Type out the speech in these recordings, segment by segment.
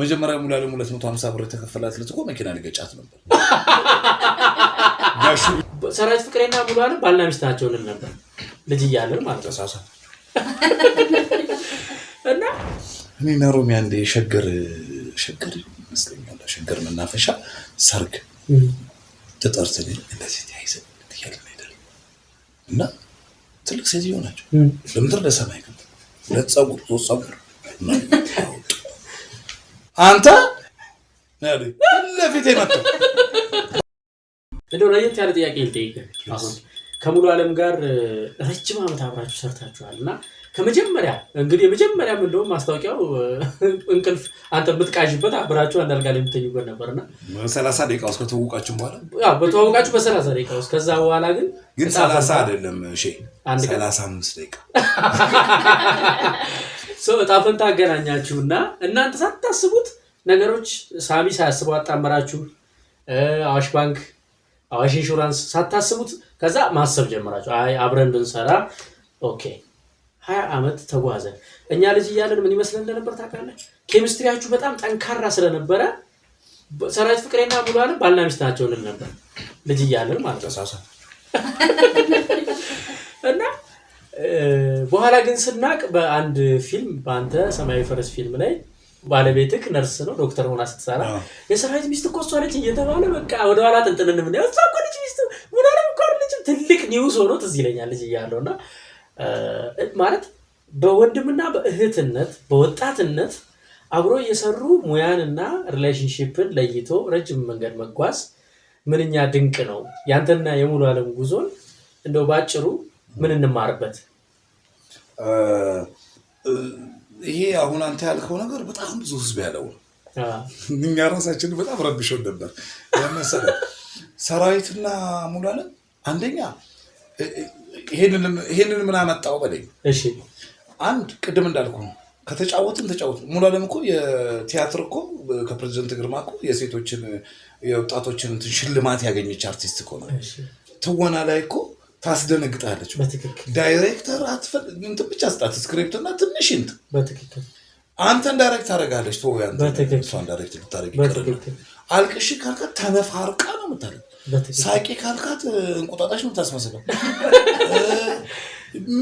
መጀመሪያ ሙሉ ያለ ሁለት መቶ ሀምሳ ብር የተከፈላት ልትጎ መኪና ልገጫት ነበር። ሰራዊት ፍቅሬና ሙሉ አለ ባልና ሚስት ልል ነበር ልጅ እያለን ማለት ነው። እና እኔና ሮሚ አንዴ የሸገር ሸገር ይመስለኛል ሸገር መናፈሻ ሰርግ ተጠርተን እንደዚህ ተያይዘ ያለ ነገር እና ትልቅ ሴትዮ ናቸው። ለምድር ለሰማይ ሁለት ፀጉር ሶስት ጸጉር አንተ ለፊት መጥ እንደው ለየት ያለ ጥያቄ ልጠይቅህ። አሁን ከሙሉ ዓለም ጋር ረጅም ዓመት አብራችሁ ሰርታችኋል እና ከመጀመሪያ እንግዲህ የመጀመሪያ እንደውም ማስታወቂያው እንቅልፍ አንተ የምትቃዥበት አብራችሁ አንድ አልጋ ላይ የምትተኙበት ነበርና ሰላሳ ደቂቃ ውስጥ ከተዋወቃችሁ በኋላ በተዋወቃችሁ በሰላሳ ደቂቃ ውስጥ ከዛ በኋላ ግን ግን ሰላሳ አይደለም ሰላሳ አምስት ደቂቃ ሰው እጣ ፈንታ አገናኛችሁና እናንተ ሳታስቡት ነገሮች ሳሚ ሳያስበው አጣመራችሁ። አዋሽ ባንክ፣ አዋሽ ኢንሹራንስ ሳታስቡት ከዛ ማሰብ ጀመራችሁ። አይ አብረን ብንሰራ ኦኬ። ሀያ ዓመት ተጓዘ። እኛ ልጅ እያለን ምን ይመስለን እንደነበር ታውቃለህ? ኬሚስትሪያችሁ በጣም ጠንካራ ስለነበረ ሰራዊት ፍቅሬና ሙሉ አለም ባልና ሚስት ናቸው እንል ነበር ልጅ እያለን ማለት ነው እና በኋላ ግን ስናቅ በአንድ ፊልም በአንተ ሰማያዊ ፈረስ ፊልም ላይ ባለቤትህ ነርስ ነው ዶክተር ሆና ስትሰራ የሰራዊት ሚስት እኮ እሷ ነች እየተባለ በቃ ወደኋላ ጥንጥንን ምን እሷ እኮ ነች ሚስት ምናለ ልጅ ትልቅ ኒውስ ሆኖ ትዝ ይለኛል እያለው እና ማለት በወንድምና በእህትነት በወጣትነት አብሮ እየሰሩ ሙያንና ሪሌሽንሽፕን ለይቶ ረጅም መንገድ መጓዝ ምንኛ ድንቅ ነው። ያንተና የሙሉ ዓለም ጉዞን እንደው ባጭሩ ምን እንማርበት? ይሄ አሁን አንተ ያልከው ነገር በጣም ብዙ ህዝብ ያለው እኛ ራሳችንን በጣም ረብሾን ነበር መሰለ ሰራዊትና ሙላለን አንደኛ ይሄንን ምን አመጣው በለኝ። አንድ ቅድም እንዳልኩ ነው ከተጫወትን ተጫወት ሙሉዓለም እኮ የቲያትር እኮ ከፕሬዚደንት ግርማ እኮ የሴቶችን የወጣቶችን ሽልማት ያገኘች አርቲስት እኮ ነው። ትወና ላይ እኮ ታስደነግጣለች። ዳይሬክተር እንትን ብቻ ስጣት ስክሪፕት እና ትንሽ እንትን አንተን ዳይሬክት ታደርጋለች። ተወያንሷን ዳይሬክት ካልካት ተነፋርቃ ነው የምታደርግ። ሳቂ ካልካት እንቁጣጣሽ ነው ታስመስለው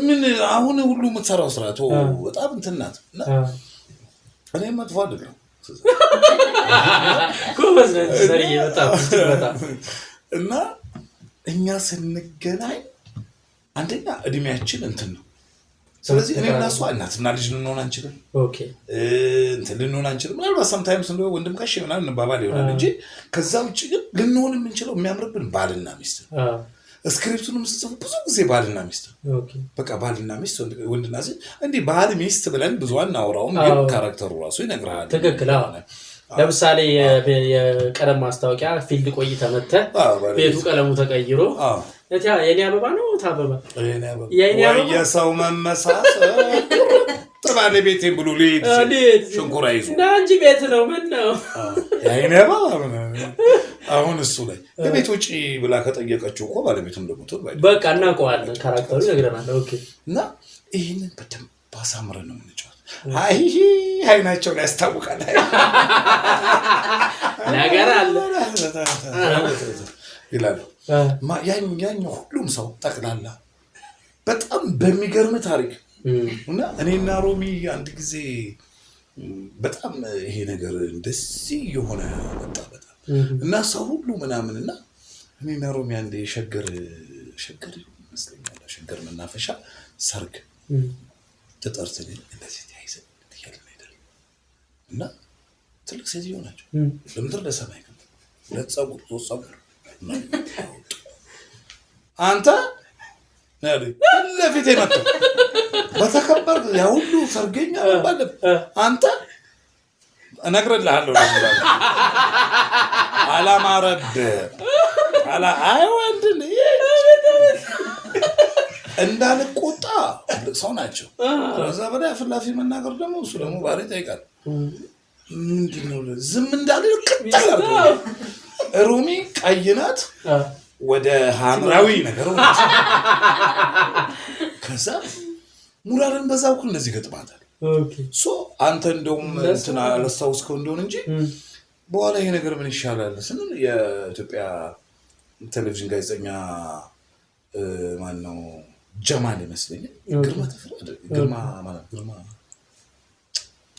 ምን አሁን ሁሉ የምትሰራው ስራ በጣም እንትን ናት። እኔ መጥፎ አይደለም እና እኛ ስንገናኝ አንደኛ እድሜያችን እንትን ነው። ስለዚህ እኔ እና እሷ እናትና ልጅ ልንሆን አንችልም፣ እንትን ልንሆን አንችልም። ምናልባት ሰምታይምስ እንደ ወንድም ጋሽ ይሆናል እንባባል ይሆናል እንጂ ከዛ ውጭ ግን ልንሆን የምንችለው የሚያምርብን ባልና ሚስት ነው። ስክሪፕቱንም ስጽፉ ብዙ ጊዜ ባልና ሚስት ነው። በቃ ባልና ሚስት ወንድና ሴት እንዲህ ባህል ሚስት ብለን ብዙ አናወራውም፣ ግን ካራክተሩ ራሱ ይነግርሃል። ትክክል። ለምሳሌ የቀለም ማስታወቂያ ፊልድ ቆይተህ መተህ ቤቱ ቀለሙ ተቀይሮ የኔ አበባ ነው ታበባ መመሳሰል ብሎ ሽንኩራ ይዞ እንጂ ቤት ነው። ምን ነው የአይኔ አበባ አሁን እሱ ላይ ከቤት ውጭ ብላ ከጠየቀችው እኮ ባለቤቱም ደግሞ በቃ እናውቀዋለን፣ ካራክተሩ እና ይህንን በደንብ ነው የምንጫወት። አይ ያስታውቃል ነገር አለ ይላሉ። ያኛው ሁሉም ሰው ጠቅላላ በጣም በሚገርም ታሪክ እና እኔና ሮሚ አንድ ጊዜ በጣም ይሄ ነገር እንደዚህ የሆነ መጣ በጣም እና ሰው ሁሉ ምናምን እና እኔና ሮሚ አንድ የሸገር ሸገር ይመስለኛል ሸገር መናፈሻ ሰርግ ተጠርተን እንደዚህ ተያይዘን እያለን ሄደን እና ትልቅ ሴትዮ ናቸው ለምድር ለሰማይ ሁለት ፀጉር ሶስት ፀጉር አንተ ለፊት መ በተከበር ያሁሉ ሰርገኛ ባለ አንተ እነግርልሃለሁ አላማረብ አይወንድን ወንድን እንዳልቆጣ ሰው ናቸው። ከዛ በላይ አፍላፊ መናገር ደግሞ እሱ ደግሞ ባህሪ ይጠይቃል። ምንድነው ዝም እንዳለ ቅጥል ሮሚ ቀይ ናት ወደ ሀምራዊ ነገር ከዛ ሙራርን በዛ በኩል እንደዚህ ገጥማታል። አንተ እንደውም እንትን አላስታውስከው እንደሆን እንጂ በኋላ ይሄ ነገር ምን ይሻላል ስንል የኢትዮጵያ ቴሌቪዥን ጋዜጠኛ ማነው ጀማል ይመስለኛል ግርማ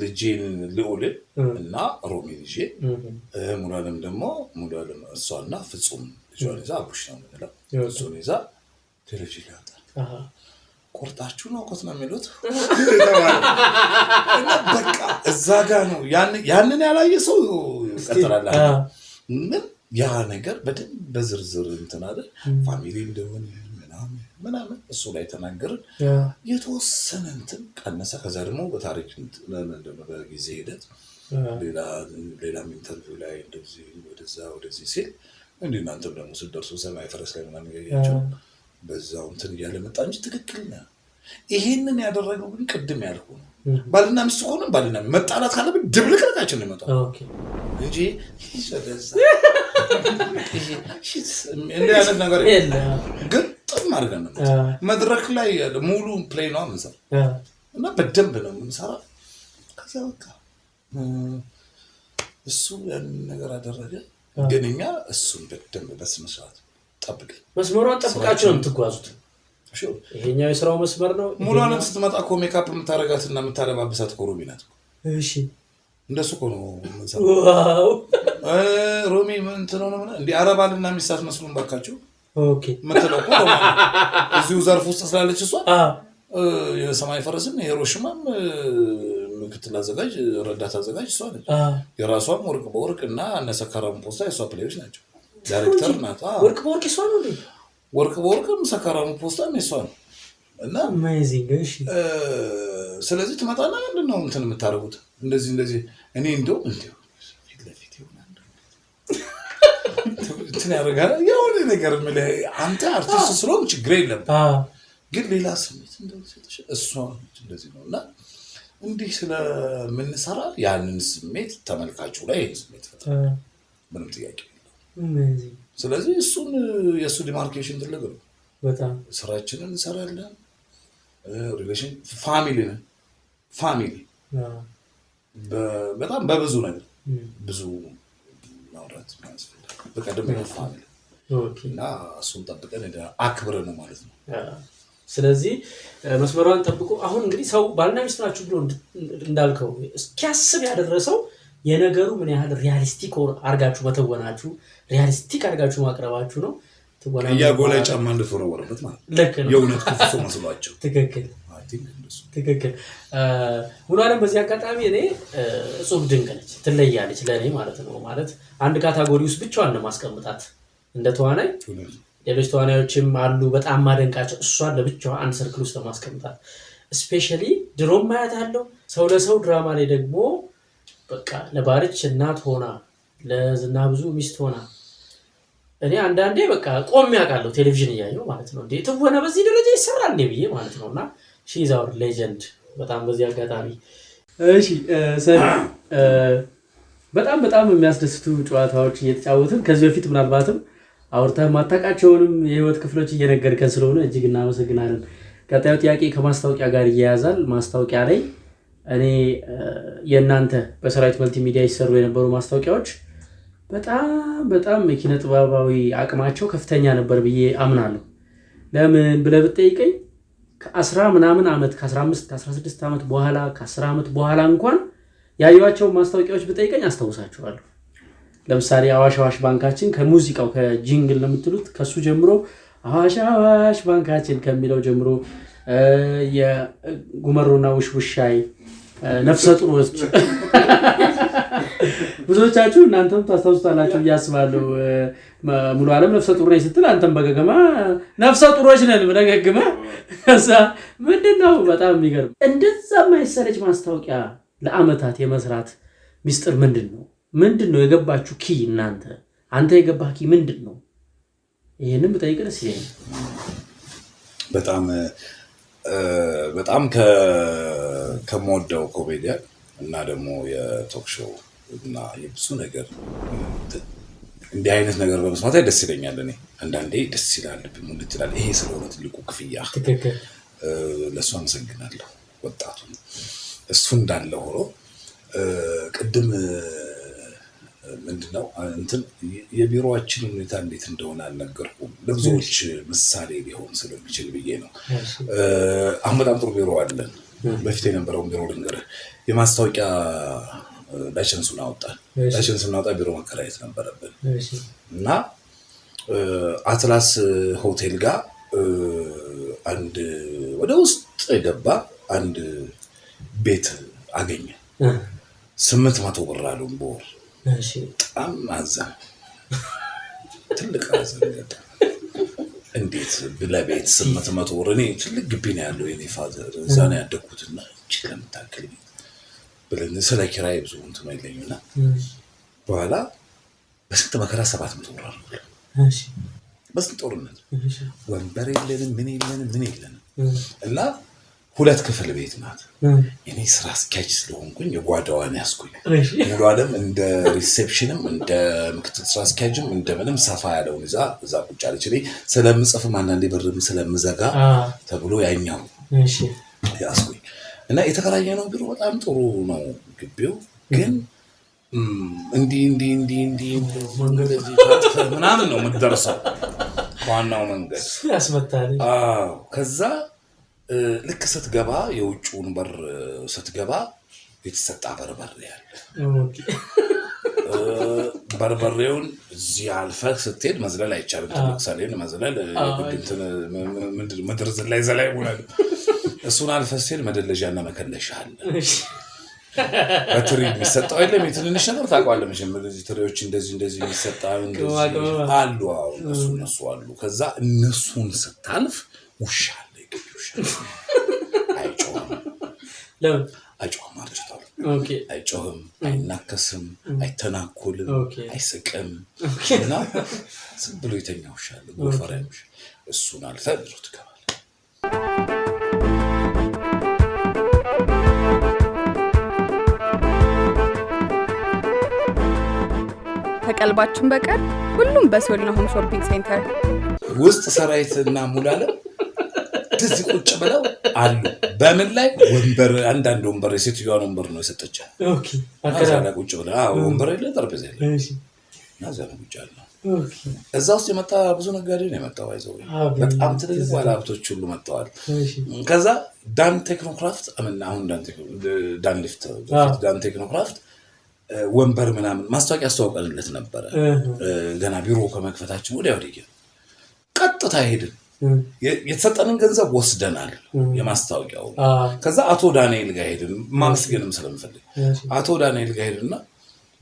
ልጄን ልዑልን እና ሮሚ ልጄ ሙሉዓለም ደግሞ ሙሉዓለም እና ፍጹም ልጇን ይዛ አቡሽ ነው የምንለው እሱን ይዛ ቴሌቪዥን ያወጣል። ቆርጣችሁ ነው እኮት ነው የሚሉት በቃ እዛ ጋ ነው። ያንን ያላየ ሰው ይቀጥላል። ምን ያ ነገር በደንብ በዝርዝር እንትን አለ ፋሚሊ እንደሆነ ምናምን እሱ ላይ ተናገርን። የተወሰነ እንትን ቀነሰ። ከዛ ደግሞ በታሪክ በጊዜ ሂደት ሌላም ኢንተርቪው ላይ እንደዚህ ወደዛ ወደዚህ ሲል እንዲህ እናንተም ደግሞ ስትደርሱ ሰማይ ፈረስ ላይ ምናምን ያያቸው በዛው እንትን እያለ መጣ እንጂ ትክክል ነ ይሄንን ያደረገው ግን ቅድም ያልኩ ነው። ባልና ሚስት ከሆነ ባልና መጣላት ካለብን ድብልቅልቃችን ነው ይመጣው እንጂ እንዲህ አይነት ነገር ግን አድርገን ነው መድረክ ላይ ሙሉ ፕሌኗ ምንሰራ እና በደንብ ነው የምንሰራ። ከዚያ በቃ እሱ ያንን ነገር አደረገ። ግን እኛ እሱን በደንብ በስነስርዓት ጠብቀን መስመሯን ጠብቃችሁ ነው የምትጓዙት። ይሄኛው የስራው መስመር ነው። ሙሉንም ስትመጣ እኮ ሜካፕ የምታደርጋት እና የምታለባብሳት እኮ ሮሚ ናት። እሺ እንደሱ እኮ ነው የምንሰራው። ሮሚ እንትን ነው እንዲህ አረባልና ሚስት አትመስሉም ባካችሁ። ምትለው እዚሁ ዘርፍ ውስጥ ስላለች እሷ የሰማይ ፈረስም የሂሮሽማም ምክትል አዘጋጅ፣ ረዳት አዘጋጅ እሷ ነች። የራሷም ወርቅ በወርቅ እና እነሰከራም ፖስታ የእሷ ፕሌዮች ናቸው። ዳይሬክተር ናት። ወርቅ በወርቅ እሷ ነው። ወርቅ በወርቅም ሰከራም ፖስታም የእሷ ነው። እና ስለዚህ ትመጣና ምንድን ነው እንትን የምታደርጉት እንደዚህ እንደዚህ እኔ እንደውም እንዲሁ ፊት ለፊት ይሆናል እንትን ያደርጋል። የሆነ ነገር የምልህ አንተ አርቲስት ስለሆን ችግር የለም፣ ግን ሌላ ስሜት እሷ እንደዚህ ነው እና እንዲህ ስለምንሰራ ያንን ስሜት ተመልካቹ ላይ ይህን ስሜት ፈጥራል። ምንም ጥያቄ የለውም። ስለዚህ እሱን የእሱ ዲማርኬሽን ትልቅ ነው። ስራችንን እንሰራለን። ሪሌሽን ፋሚሊ ነን። ፋሚሊ በጣም በብዙ ነገር ብዙ መብራት በቃ ደግሞ ፋሚሊ እና እሱን ጠብቀን አክብረ ነው ማለት ነው። ስለዚህ መስመሯን ጠብቆ አሁን እንግዲህ ሰው ባልና ሚስት ናችሁ ብሎ እንዳልከው እስኪያስብ ያደረሰው የነገሩ ምን ያህል ሪያሊስቲክ አርጋችሁ በተወናችሁ ሪያሊስቲክ አርጋችሁ ማቅረባችሁ ነው። ያጎላይ ጫማ እንደተወረወረበት ማለት ነው። የእውነት ክፉ መስሏቸው ትክክል ትክክል። አለም በዚህ አጋጣሚ እኔ እጹብ ድንቅ ነች፣ ትለያለች ለእኔ ማለት ነው። ማለት አንድ ካታጎሪ ውስጥ ብቻዋን ለማስቀምጣት እንደ ተዋናይ ሌሎች ተዋናዮችም አሉ በጣም ማደንቃቸው፣ እሷን ለብቻዋ አንድ ሰርክል ውስጥ ለማስቀምጣት ስፔሻሊ ድሮም ማያት አለው ሰው ለሰው ድራማ ላይ ደግሞ በቃ ለባርች እናት ሆና ለዝና ብዙ ሚስት ሆና እኔ አንዳንዴ በቃ ቆሜ አውቃለሁ ቴሌቪዥን እያየሁ ማለት ነው። እንዴ ትወና በዚህ ደረጃ ይሰራል እንዴ ብዬ ማለት ነው እና ሺዝ አወር ሌጀንድ። በጣም በዚህ አጋጣሚ እሺ፣ በጣም በጣም የሚያስደስቱ ጨዋታዎች እየተጫወትን ከዚህ በፊት ምናልባትም አውርተህ ማታቃቸውንም የህይወት ክፍሎች እየነገርከን ስለሆነ እጅግ እናመሰግናለን። ቀጣዩ ጥያቄ ከማስታወቂያ ጋር እያያዛል። ማስታወቂያ ላይ እኔ የእናንተ በሰራዊት መልቲሚዲያ ሚዲያ የነበሩ ማስታወቂያዎች በጣም በጣም የኪነ ጥበባዊ አቅማቸው ከፍተኛ ነበር ብዬ አምናለሁ። ለምን ብለህ ብትጠይቀኝ ከአስራ ምናምን ዓመት ከአስራ አምስት ከአስራ ስድስት ዓመት በኋላ ከአስር ዓመት በኋላ እንኳን ያየኋቸው ማስታወቂያዎች ብጠይቀኝ አስታውሳቸዋለሁ። ለምሳሌ አዋሽ አዋሽ ባንካችን ከሙዚቃው ከጂንግል ለምትሉት ከሱ ጀምሮ አዋሽ አዋሽ ባንካችን ከሚለው ጀምሮ የጉመሮና ውሽውሻይ ነፍሰ ጡሮች ብዙዎቻችሁ እናንተም ታስታውሱታላችሁ ብዬ አስባለሁ። ሙሉ አለም ነፍሰ ጡር ስትል አንተም በገገማ ነፍሰ ጡሮች ነን በደገግመ ከዛ ምንድን ነው በጣም የሚገርም እንደዛ የማይሰለች ማስታወቂያ ለአመታት የመስራት ሚስጥር ምንድን ነው? ምንድን ነው የገባችሁ ኪ እናንተ አንተ የገባህ ኪ ምንድን ነው? ይህንም ብጠይቅ ደስ ይለኛል። በጣም በጣም ከምወደው ኮሜዲያን እና ደግሞ የቶክ ሾው እና የብዙ ነገር እንዲህ አይነት ነገር በመስማት ደስ ይለኛል። እኔ አንዳንዴ ደስ ይላል ብሙል ይችላል። ይሄ ስለሆነ ትልቁ ክፍያ ለእሱ አመሰግናለሁ። ወጣቱ እሱ እንዳለ ሆኖ ቅድም ምንድነው እንትን የቢሮዋችንን ሁኔታ እንዴት እንደሆነ አልነገርኩም። ለብዙዎች ምሳሌ ሊሆን ስለሚችል ብዬ ነው። አሁን በጣም ጥሩ ቢሮ አለን። በፊት የነበረውን ቢሮ ልንገርህ የማስታወቂያ ላይሰንሱን አወጣን። ላይሰንሱን አወጣ ቢሮ መከራየት ነበረብን እና አትላስ ሆቴል ጋር አንድ ወደ ውስጥ የገባ አንድ ቤት አገኘ። ስምንት መቶ ብር አሉን በወር በጣም አዘን፣ ትልቅ አዘን። እንዴት ለቤት ስምንት መቶ ብር? እኔ ትልቅ ግቢ ነው ያለው የኔ ፋዘር እዛ ነው ያደግኩትና እጅግ ለምታክል ብለን ስለ ኪራይ ብዙ እንትን አይለኝም እና በኋላ በስንት መከራ ሰባት መቶ ብር በስንት ጦርነት ወንበር የለንም ምን የለንም ምን የለንም እና ሁለት ክፍል ቤት ናት። እኔ ስራ አስኪያጅ ስለሆንኩኝ የጓዳዋን ያስኩኝ። ሙሉ ዓለም እንደ ሪሴፕሽንም እንደ ምክትል ስራ አስኪያጅም እንደምንም ሰፋ ያለውን እዛ እዛ ቁጭ አለች። ስለምጽፍም አንዳንዴ ብርም ስለምዘጋ ተብሎ ያኛው ያስኩኝ እና የተከራየ ነው ቢሮ በጣም ጥሩ ነው ግቢው ግን እንዲህ እንዲህ እንዲህ እንዲህ ምናምን ነው የምትደርሰው ዋናው መንገድ ያስመታል። ከዛ ልክ ስትገባ የውጭውን በር ስትገባ የተሰጣ በርበር ያለ በርበሬውን እዚህ አልፈህ ስትሄድ መዝለል አይቻልም። ሰሌን መዝለል ምድር ዝላይ ዘላይ ሆናል እሱን አልፈህ ስትሄድ መደለዣና መከለሻ አለ። በትሪ የሚሰጠው የለም። የትንንሽ ነገር ታውቀዋለህ መቼም ትሪዎች እንደዚህ እንደዚህ የሚሰጣ አሉ። እሱ እነሱ አሉ። ከዛ እነሱን ስታልፍ ውሻ አለ። የግቢ ውሻ አይጮህም። አይጮህም። አርጅቷል። አይጮህም፣ አይናከስም፣ አይተናኮልም፣ አይስቅም እና ዝም ብሎ የተኛ ውሻ አለ። ጎፈሪያ ውሻ። እሱን አልፈህ ብዙ ትገባለህ። ከቀልባችን በቀር ሁሉም በሶሊና ሆም ሾፒንግ ሴንተር ውስጥ ሰራዊት እና ሙላለም እንደዚህ ቁጭ ብለው አሉ። በምን ላይ ወንበር፣ አንዳንድ ወንበር የሴትዮዋን ወንበር ነው የሰጠቻት። ቁጭ ብላ ወንበር የለ ጠረጴዛ የለ ቁጭ አለ። እዛ ውስጥ የመጣ ብዙ ነጋዴ ነው የመጣው። ይዘው በጣም ትልልቅ ባለ ሀብቶች ሁሉ መጥተዋል። ከዛ ዳን ቴክኖክራፍት አሁን ዳን ቴክኖክራፍት ወንበር ምናምን ማስታወቂያ አስተዋውቀንለት ነበረ። ገና ቢሮ ከመክፈታችን ወዲያ ወዲያ ቀጥታ ሄድን። የተሰጠንን ገንዘብ ወስደናል፣ የማስታወቂያው። ከዛ አቶ ዳንኤል ጋር ሄድን፣ ማመስገንም ስለምፈልግ አቶ ዳንኤል ጋር ሄድና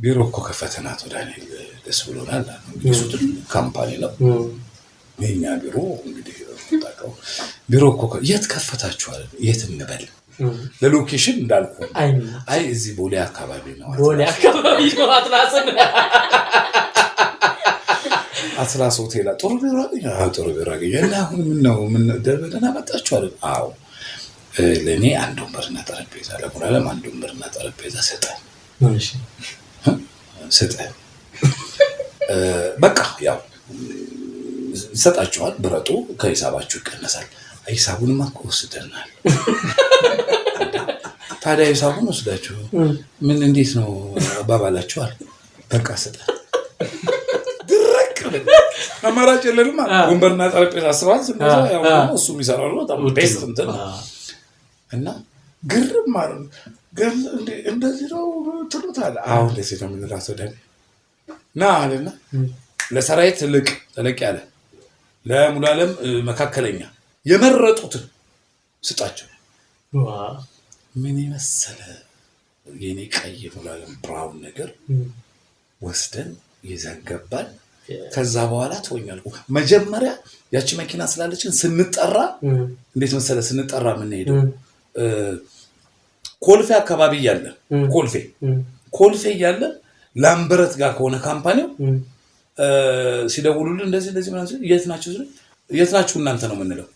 ቢሮ እኮ ከፈተን አቶ ዳንኤል ደስ ብሎናል። እንግዲህ እሱ ትልቅ ካምፓኒ ነው። የኛ ቢሮ እንግዲህ ቢሮ እኮ የት ከፈታችኋል? የት እንበል ለሎኬሽን እንዳልኩ አይ እዚህ ቦሌ አካባቢ ነው፣ ቦሌ አካባቢ ነው። አትናስን አትናስ ሆቴል ጥሩ ቢሮ ጥሩ ቢሮ አገኘ እና አሁን ምነው ምን ደህና መጣችሁ አዎ ለእኔ አንድ ወንበርና ጠረጴዛ ለሙላለም አንድ ወንበርና ጠረጴዛ ስጠን ስጠን፣ በቃ ያው ይሰጣችኋል፣ ብረጡ፣ ከሂሳባችሁ ይቀነሳል። ሂሳቡንማ እኮ ወስደናል ታዲያ ሂሳቡን ወስዳችሁ ምን እንዴት ነው አባባላችኋል? በቃ ስጠን አማራጭ የለንም። ወንበርና ጠረጴዛ ስባል እሱ የሚሰራሉ እና ግርም ማለት እንደዚህ ነው ትሉታል። አሁን እንደዚህ ነው የምንላት ደ ና አለና ለሰራዊት ትልቅ ተለቅ ያለ ለሙሉ ዓለም መካከለኛ የመረጡትን ስጣቸው። ምን የመሰለ የኔ ቀይ ዶላርን ብራውን ነገር ወስደን ይዘገባል። ከዛ በኋላ ትወኛል። መጀመሪያ ያቺ መኪና ስላለችን ስንጠራ እንዴት መሰለ ስንጠራ የምንሄደው ኮልፌ አካባቢ እያለን ኮልፌ ኮልፌ እያለን ላምበረት ጋር ከሆነ ካምፓኒው ሲደውሉልን እንደዚህ እንደዚህ ምናምን ሲሉ የት ናቸው ሲሉ የት ናችሁ እናንተ ነው የምንለው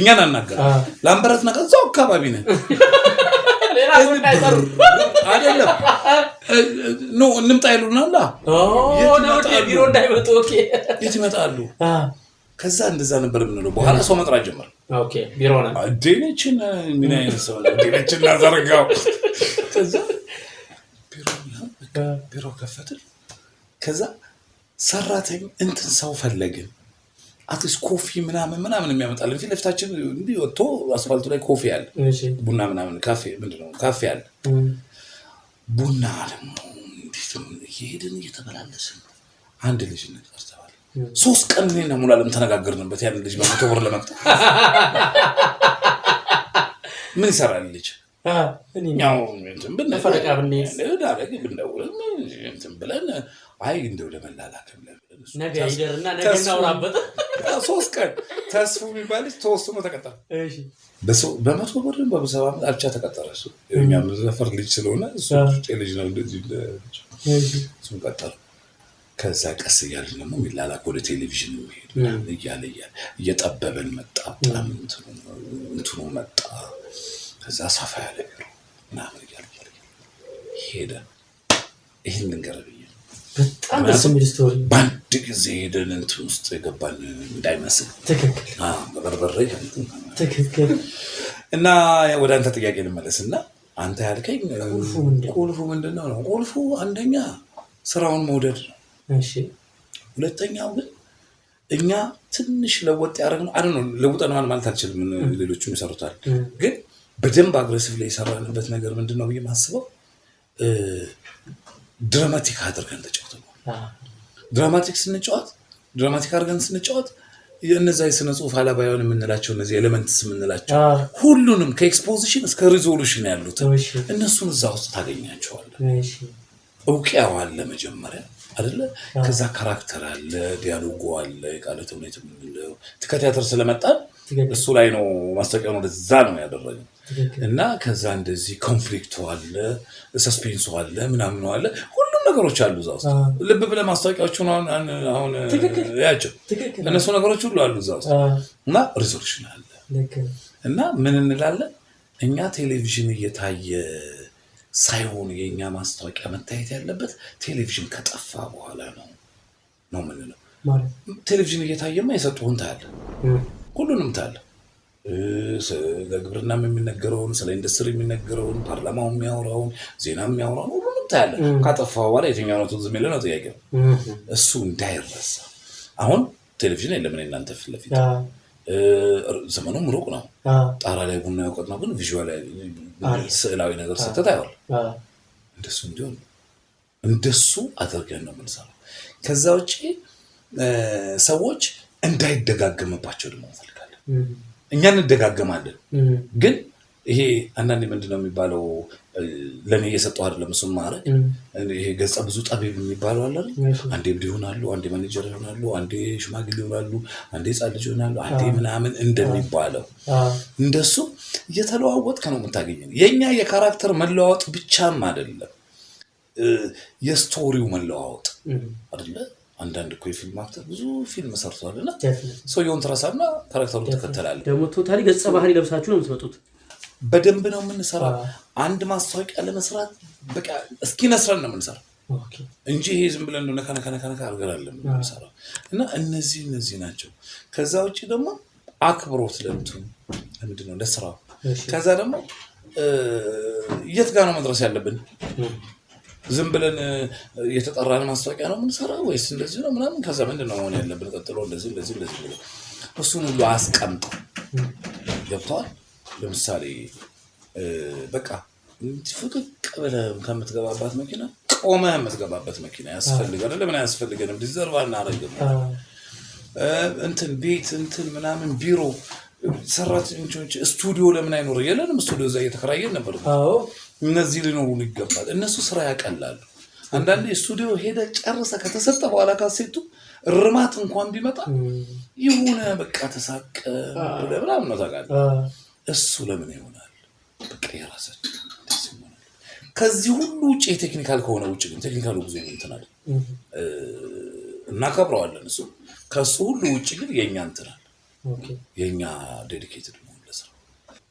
እኛን አናገር ላምበረት ነቀ እዛው አካባቢ ነን አይደለም ኖ እንምጣ ይሉናላ ቢሮ እንዳይመጡ የት ይመጣሉ። ከዛ እንደዛ ነበር የምንለው። በኋላ ሰው መጥራት ጀመር። ዴነችን ምን አይነት ሰው ዴነችን እናዘርጋው። ቢሮ ከፈትን። ከዛ ሰራተኛ እንትን ሰው ፈለግን አትስ ኮፊ ምናምን ምናምን የሚያመጣልን ፊት ለፊታችን እንዲ ወጥቶ አስፋልቱ ላይ ኮፊ አለ፣ ቡና ምናምን ካፌ ምንድነው ካፌ አለ። ቡና አለሞ እንዴት እየሄድን እየተመላለስን አንድ ልጅ እንጠርተዋል። ሶስት ቀን እኔና ሙሉዓለም ተነጋገርንበት። ያን ልጅ በመቶ ብር ለመቅጠር ምን ይሰራል ልጅ ብለን አይ እንደው ለመላላክም ለምን ሶስት ቀን ተስፉ የሚባል ተወስኖ ተቀጠረ። በመቶ ብር በሰባ አልቻ ተቀጠረ። ልጅ ስለሆነ ልጅ ነው እሱም ቀጠረ። ከዛ ቀስ ደግሞ የሚላላክ ወደ ቴሌቪዥን የሚሄድ እያለ እያለ እየጠበበን መጣ። በጣም እንትኑ መጣ። ከዛ ሰፋ ያለ ቢሮ ምናምን እያለ ሄደ። ይህን ልንገር በጣም ደስ የሚል ስቶሪ በአንድ ጊዜ ሄደን እንትን ውስጥ የገባን እንዳይመስል። ትክክል በበርበሬ ትክክል። እና ወደ አንተ ጥያቄ ልመለስ እና አንተ ያልከኝ ቁልፉ ምንድን ነው? ቁልፉ አንደኛ ስራውን መውደድ ነው። ሁለተኛው ግን እኛ ትንሽ ለወጥ ያደረግነው አደ ነው ለውጠነዋል ማለት አልችልም፣ ሌሎቹም ይሰሩታል። ግን በደንብ አግሬሲቭ ላይ የሰራንበት ነገር ምንድን ነው ብዬ ማስበው ድራማቲክ አድርገን ተጫወት ነው። ድራማቲክ ስንጫወት ድራማቲክ አድርገን ስንጫወት እነዛ የስነ ጽሁፍ አላባያን የምንላቸው እነዚህ ኤሌመንትስ የምንላቸው ሁሉንም ከኤክስፖዚሽን እስከ ሪዞሉሽን ያሉትን እነሱን እዛ ውስጥ ታገኛቸዋለን። እውቅያዋን ለመጀመሪያ አደለ? ከዛ ካራክተር አለ፣ ዲያሎጎ አለ፣ የቃለ ተውኔት የምንለው ከቲያትር ስለመጣን እሱ ላይ ነው ማስታወቂያውን ወደዛ ነው ያደረግነው። እና ከዛ እንደዚህ ኮንፍሊክቱ አለ፣ ሰስፔንሱ አለ፣ ምናምኑ አለ፣ ሁሉም ነገሮች አሉ እዛ ውስጥ። ልብ ብለህ ማስታወቂያዎቹን አሁን ያቸው እነሱ ነገሮች ሁሉ አሉ እዛ ውስጥ እና ሪዞሉሽን አለ እና ምን እንላለን እኛ ቴሌቪዥን እየታየ ሳይሆን የእኛ ማስታወቂያ መታየት ያለበት ቴሌቪዥን ከጠፋ በኋላ ነው ነው ምንለው። ቴሌቪዥን እየታየማ የሰጡህን ታያለህ፣ ሁሉንም ታያለህ ለግብርና የሚነገረውን ስለ ኢንዱስትሪ የሚነገረውን ፓርላማው የሚያወራውን ዜና የሚያወራውን ሁሉ ምታያለ። ካጠፋ በኋላ የትኛው ነው ትዝ የሚለው ነው ጥያቄው። እሱ እንዳይረሳ አሁን ቴሌቪዥን የለምን እናንተ ፊት ለፊት ዘመኑም ሩቅ ነው። ጣራ ላይ ቡና ያውቀት ነው፣ ግን ስዕላዊ ነገር ሰተት አይዋል እንደሱ እንዲሆን እንደሱ አድርገን ነው የምንሰራው። ከዛ ውጭ ሰዎች እንዳይደጋገምባቸው ደግሞ እንፈልጋለን። እኛ እንደጋገማለን ግን ይሄ አንዳንዴ ነው የሚባለው ለእኔ እየሰጠው አይደለም እሱም ማድረግ ይሄ ገጸ ብዙ ጠቢብ የሚባለው አለ። አንዴ እብድ ይሆናሉ፣ አንዴ ማኔጀር ይሆናሉ፣ አንዴ ሽማግሌ ይሆናሉ፣ አንዴ ሕፃን ልጅ ይሆናሉ፣ አንዴ ምናምን እንደሚባለው እንደሱ እየተለዋወጥክ ነው የምታገኘው። የእኛ የካራክተር መለዋወጥ ብቻም አይደለም የስቶሪው መለዋወጥ አይደለ አንዳንድ እኮ የፊልም አክተር ብዙ ፊልም ሰርቷል እና ሰውየውን ትረሳና ካራክተሩን ትከተላለህ። ደግሞ ቶታሊ ገጸ ባህሪ ለብሳችሁ ነው የምትመጡት። በደንብ ነው የምንሰራ። አንድ ማስታወቂያ ለመስራት በቃ ነስረን ነው የምንሰራ እንጂ ይሄ ዝም ብለን ነካ ነካ ነካ ነካ እና እነዚህ እነዚህ ናቸው። ከዛ ውጭ ደግሞ አክብሮት ለእንትኑ ለምንድን ነው ለስራው። ከዛ ደግሞ የት ጋር ነው መድረስ ያለብን ዝም ብለን የተጠራን ማስታወቂያ ነው ምንሰራ ወይስ እንደዚህ ነው ምናምን፣ ከዛ ምንድን ነው መሆን ያለብን ቀጥሎ እንደዚህ እንደዚህ እንደዚህ እሱን ሁሉ አስቀምጠ ገብተዋል። ለምሳሌ በቃ ፍቅቅ ብለ ከምትገባባት መኪና ቆመ የምትገባበት መኪና ያስፈልገን። ለምን አያስፈልገንም? ዲዘርቭ አናደርግም። እንትን ቤት እንትን ምናምን ቢሮ ሰራተኞች ስቱዲዮ ለምን አይኖር የለንም? ስቱዲዮ እዛ እየተከራየን ነበር እነዚህ ሊኖሩን ይገባል። እነሱ ስራ ያቀላሉ። አንዳንዴ ስቱዲዮ ሄደ ጨርሰ ከተሰጠ በኋላ ካሴቱ እርማት እንኳን ቢመጣ የሆነ በቃ ተሳቀ ምናምን ነው እሱ ለምን ይሆናል? በቃ የራሳችን ከዚህ ሁሉ ውጭ የቴክኒካል ከሆነ ውጭ ግን ቴክኒካሉ ብዙ ትናል እናከብረዋለን። እሱ ከእሱ ሁሉ ውጭ ግን የእኛ እንትናል የእኛ ዴዲኬትድ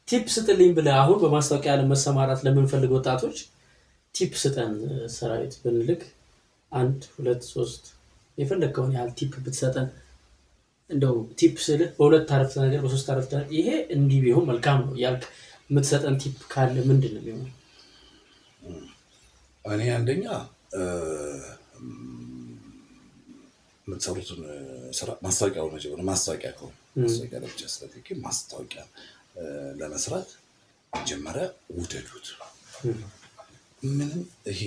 ቲፕ ስጥልኝ ብለ አሁን በማስታወቂያ መሰማራት ለምንፈልግ ወጣቶች ቲፕ ስጠን ሰራዊት ብንልክ አንድ ሁለት ሶስት የፈለግከውን ያህል ቲፕ ብትሰጠን እንደው ቲፕ ስል በሁለት አረፍተ ነገር በሶስት አረፍተ ነገር ይሄ እንዲህ ቢሆን መልካም ነው ያልክ የምትሰጠን ቲፕ ካለ ምንድን ነው የሚሆነው? እኔ አንደኛ የምትሰሩትን ስራ ማስታወቂያ ሆነ ማስታወቂያ ከሆነ ማስታወቂያ ለብቻ ስለ ማስታወቂያ ለመስራት መጀመሪያ ውደዱት። ምንም ይሄ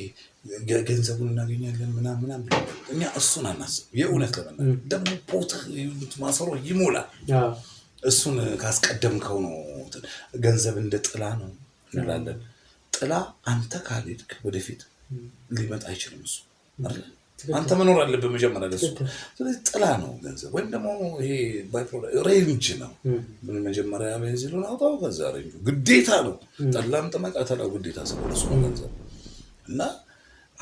ገንዘቡን እናገኛለን ምናምን እኛ እሱን አናስብ። የእውነት ለመናገር ደግሞ ቦታ ማሰሮ ይሞላል። እሱን ካስቀደምከው ነው። ገንዘብ እንደ ጥላ ነው እንላለን። ጥላ አንተ ካልሄድክ ወደፊት ሊመጣ አይችልም እሱ አንተ መኖር አለብህ መጀመሪያ ለሱ። ስለዚህ ጥላ ነው ገንዘብ ወይም ደግሞ ይሄ ሬንጅ ነው። ምን መጀመሪያ ቤንዚሉን አውጣው፣ ከዛ ሬንጁ ግዴታ ነው። ጠላም ጥመቃ ተላ ግዴታ ስለሆነ እሱ ነው ገንዘብ እና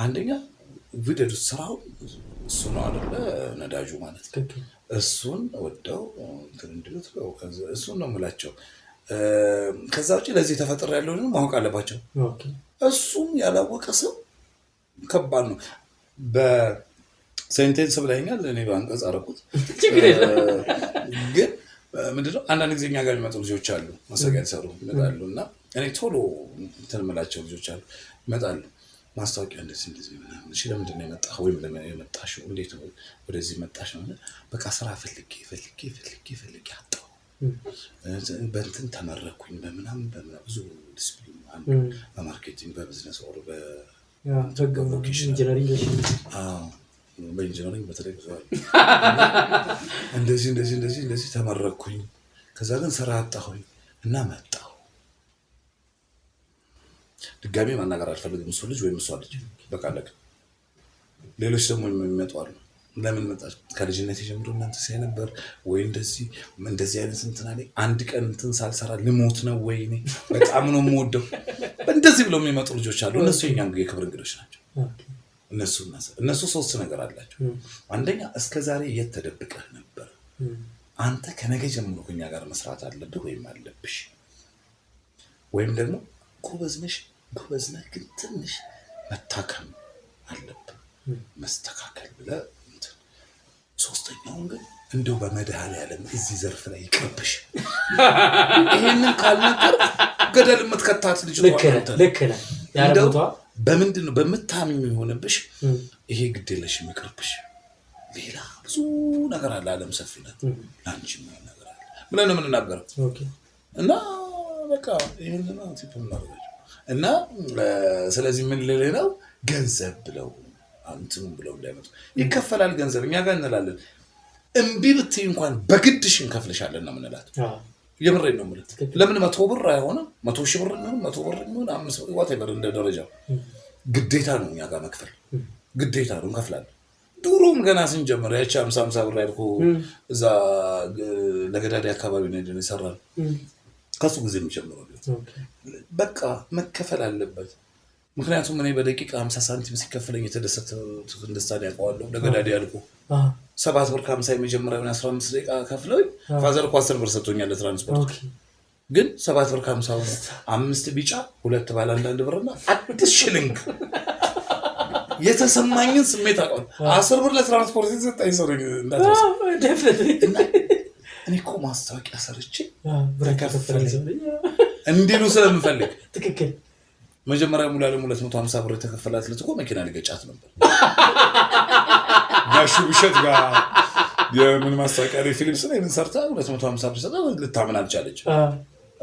አንደኛ ውደድ ስራው እሱ ነው አደለ ነዳጁ ማለት እሱን ወደው ትንድሉት እሱን ነው የምላቸው። ከዛ ውጭ ለዚህ ተፈጥሮ ያለው ማወቅ አለባቸው። እሱም ያላወቀ ሰው ከባድ ነው። በሴንቴንስ ብለኛል። እኔ በአንቀጽ አደረኩት። ግን ምንድነው አንዳንድ ጊዜ እኛ ጋር የሚመጡ ልጆች አሉ፣ ማስታወቂያ ሊሰሩ ይመጣሉ። እና እኔ ቶሎ እንትን እምላቸው ልጆች አሉ ይመጣሉ ማስታወቂያ እንደዚህ እንደዚህ ምናምን እሺ፣ ለምንድን ነው የመጣኸው? ወይም የመጣሽው እንዴት ነው ወደዚህ መጣሽ? ነው በቃ ስራ ፈልጌ ፈልጌ ፈልጌ ፈልጌ አጣሁ፣ በእንትን ተመረኩኝ፣ በምናምን በምናምን ብዙ ዲስፕሊን በማርኬቲንግ በቢዝነስ ኦር በኢንጂነሪንግ በተለይ እንደዚህ እንደዚህ እንደዚህ እንደዚህ ተመረኩኝ። ከዛ ግን ስራ አጣሁኝ እና መጣሁ። ድጋሜ ማናገር አልፈልግም። እሱ ልጅ ወይም እሷ ልጅ በቃ ሌሎች ደግሞ የሚመጡ አሉ። ለምን መጣች? ከልጅነት የጀምሮ እናንተ ሳይ ነበር ወይ እንደዚህ እንደዚህ አይነት እንትና አንድ ቀን እንትን ሳልሰራ ልሞት ነው ወይ? እኔ በጣም ነው የምወደው። እንደዚህ ብለው የሚመጡ ልጆች አሉ። እነሱ የኛ የክብር እንግዶች ናቸው። እነሱ እነሱ ሶስት ነገር አላቸው። አንደኛ እስከ ዛሬ የት ተደብቀህ ነበር? አንተ ከነገ ጀምሮ ከኛ ጋር መስራት አለብህ ወይም አለብሽ። ወይም ደግሞ ጎበዝነሽ ጎበዝነህ ግን ትንሽ መታከም አለብህ መስተካከል ብለህ ሶስተኛውን ግን እንደው በመድኃኔዓለም እዚህ ዘርፍ ላይ ይቅርብሽ። ይህንን ካልነገር ገደል የምትከታት ልጅ እንደው በምንድን ነው በምታምኙ የሆነብሽ ይሄ ግዴለሽ ይቅርብሽ። ሌላ ብዙ ነገር አለ፣ አለም ሰፊነት ናት። ነገር አለ ምን ነው የምንናገረው። እና በቃ ይህን እና ስለዚህ ምን ልልህ ነው ገንዘብ ብለው እንትኑ ብለው እንዳይመጡ ይከፈላል ገንዘብ እኛ ጋር እንላለን። እምቢ ብትይ እንኳን በግድሽ እንከፍልሻለን ነው የምንላት። የምሬን ነው የምልህ። ለምን መቶ ብር አይሆንም? መቶ ሺህ ብር ሆን መቶ ብር ሆን አምስት ብር ዋቴቨር እንደ ደረጃው ግዴታ ነው እኛ ጋር መክፈል ግዴታ ነው፣ እንከፍላለን። ድሮም ገና ስንጀምር ያቺ ሀምሳ ሀምሳ ብር ያልኩ እዛ ለገዳዲ አካባቢ ነው የሰራነው ከሱ ጊዜ የሚጀምረው በቃ መከፈል አለበት። ምክንያቱም እኔ በደቂቅ ሀምሳ ሳንቲም ሲከፍለኝ የተደሰተትን ደስታን ያውቀዋለሁ። ለገዳዲ ያልኩ ሰባት ብር ከሀምሳ የመጀመሪያውን አስራ አምስት ደቂቃ ከፍለኝ ፋዘር እኮ አስር ብር ሰጥቶኛል ለትራንስፖርት ግን ሰባት ብር ከሀምሳ አምስት ቢጫ ሁለት ባለ አንዳንድ ብርና አዲስ ሽልንግ የተሰማኝን ስሜት አቀል አስር ብር ለትራንስፖርት የተሰጣኝ ሰው እኔ እኮ ማስታወቂያ ሰርቼ እንዲሉ ስለምፈልግ ትክክል መጀመሪያ ሙሉ ዓለም ሁለት መቶ ሀምሳ ብር የተከፈላት ዕለት መኪና ሊገጫት ነበር ጋሹ ብሸት ጋር የምን ማስታወቂያ ፊልም ስለ ምን ሰርታ ሁለት መቶ ሀምሳ ብር ሰጠ ልታምን አልቻለች።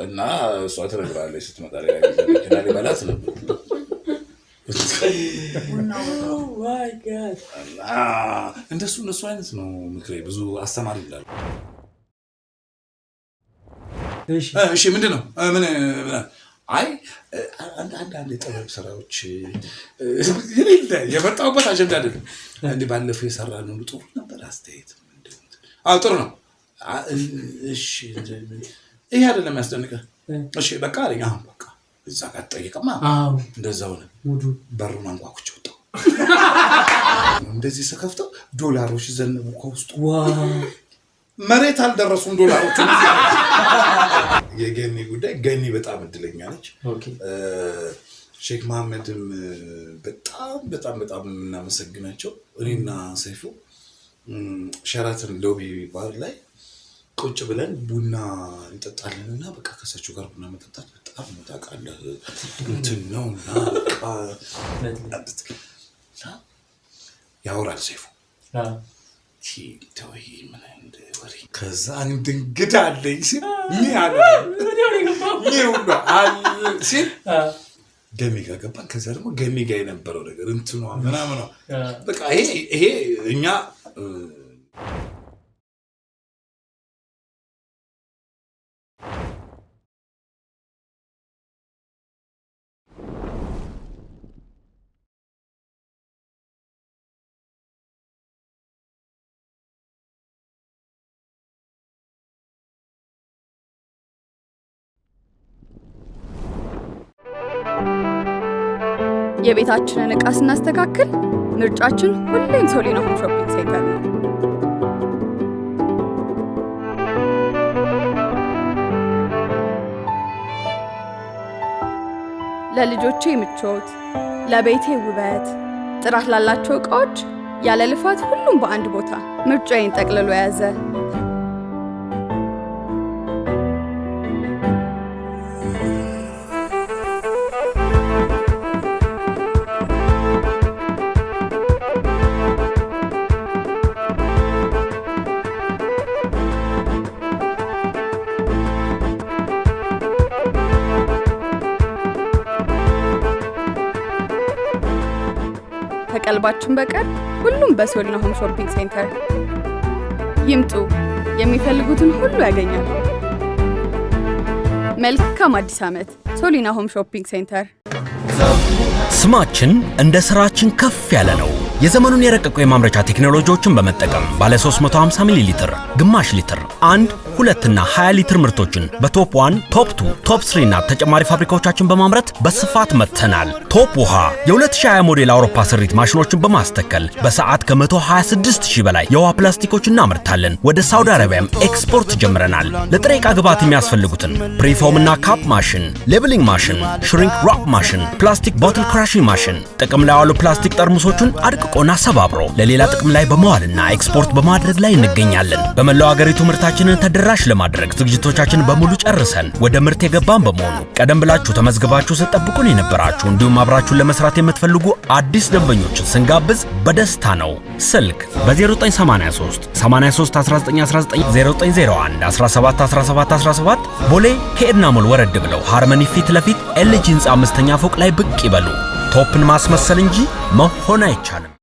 እና እሷ ትነግራለች ስትመጣ መኪና ሊበላት ነበር። እንደሱ እነሱ አይነት ነው ምክሬ። ብዙ አስተማሪ ይላሉ። እሺ ምንድን ነው አይ አንዳንድ የጥበብ ስራዎች የሌለ የመጣሁበት አጀንዳ አይደለም። እንዲህ ባለፈው ነው ጥሩ ነበር፣ አስተያየት አዎ ጥሩ ነው። እሺ ይሄ አይደለም ያስደንቀህ። እሺ በቃ አለኝ። አሁን በቃ እዛ ጋር ትጠይቅማ። እንደዛ ሆነ። በሩን አንኳኩቼ ወጣሁ። እንደዚህ ስከፍተው ዶላሮች ዘነበው ከውስጡ። መሬት አልደረሱም ዶላሮች የገኒ ጉዳይ ገኒ በጣም እድለኛ ነች። ሼክ መሐመድም በጣም በጣም በጣም የምናመሰግናቸው እኔና ሰይፉ ሸራትን ሎቢ ባር ላይ ቁጭ ብለን ቡና እንጠጣለን እና በቃ ከሳቸው ጋር ቡና መጠጣት በጣም ታውቃለህ እንትን ነው እና ያወራል ሰይፉ ከዛ እኔም ድንግዳ አለኝ ሲል ሲል ጋ ገባን። ከዛ ደግሞ ገሜ ጋ የነበረው ነገር እንትኗ ምናምኗ በቃ ይሄ እኛ የቤታችንን ዕቃ ስናስተካክል ምርጫችን ሁሌም ሶሊኖ ሆም ሾፒንግ ሴንተር ነው። ለልጆቼ ምቾት፣ ለቤቴ ውበት፣ ጥራት ላላቸው እቃዎች ያለ ልፋት ሁሉም በአንድ ቦታ ምርጫዬን ጠቅልሎ የያዘ ካልባችሁን በቀር ሁሉም በሶልና ሆም ሾፒንግ ሴንተር። ይምጡ፣ የሚፈልጉትን ሁሉ ያገኛሉ። መልካም አዲስ ዓመት። ሶሊና ሆም ሾፒንግ ሴንተር። ስማችን እንደ ስራችን ከፍ ያለ ነው። የዘመኑን የረቀቁ የማምረቻ ቴክኖሎጂዎችን በመጠቀም ባለ 350 ሚሊ ሊትር፣ ግማሽ ሊትር፣ አንድ ሁለትና 20 ሊትር ምርቶችን በቶፕ ዋን፣ ቶፕ ቱ፣ ቶፕ 3 እና ተጨማሪ ፋብሪካዎቻችን በማምረት በስፋት መጥተናል። ቶፕ ውሃ የ2020 ሞዴል አውሮፓ ስሪት ማሽኖችን በማስተከል በሰዓት ከ 126000 በላይ የውሃ ፕላስቲኮች እናመርታለን። ወደ ሳውዲ አረቢያም ኤክስፖርት ጀምረናል። ለጥሬ ዕቃ ግብዓት የሚያስፈልጉትን ፕሪፎም እና ካፕ ማሽን፣ ሌብሊንግ ማሽን፣ ሽሪንክ ራፕ ማሽን፣ ፕላስቲክ ቦትል ክራሺንግ ማሽን ጥቅም ላይ ያሉ ፕላስቲክ ጠርሙሶቹን አድቅቆና ሰባብሮ ለሌላ ጥቅም ላይ በመዋልና ኤክስፖርት በማድረግ ላይ እንገኛለን። በመላው አገሪቱ ምርታችንን ተደረ ተደራሽ ለማድረግ ዝግጅቶቻችን በሙሉ ጨርሰን ወደ ምርት የገባን በመሆኑ ቀደም ብላችሁ ተመዝግባችሁ ስትጠብቁን የነበራችሁ እንዲሁም አብራችሁን ለመስራት የምትፈልጉ አዲስ ደንበኞችን ስንጋብዝ በደስታ ነው። ስልክ በ0983 83 ቦሌ ከኤድናሞል ወረድ ብለው ሃርመኒ ፊት ለፊት ኤልጂ ህንፃ አምስተኛ ፎቅ ላይ ብቅ ይበሉ። ቶፕን ማስመሰል እንጂ መሆን አይቻልም።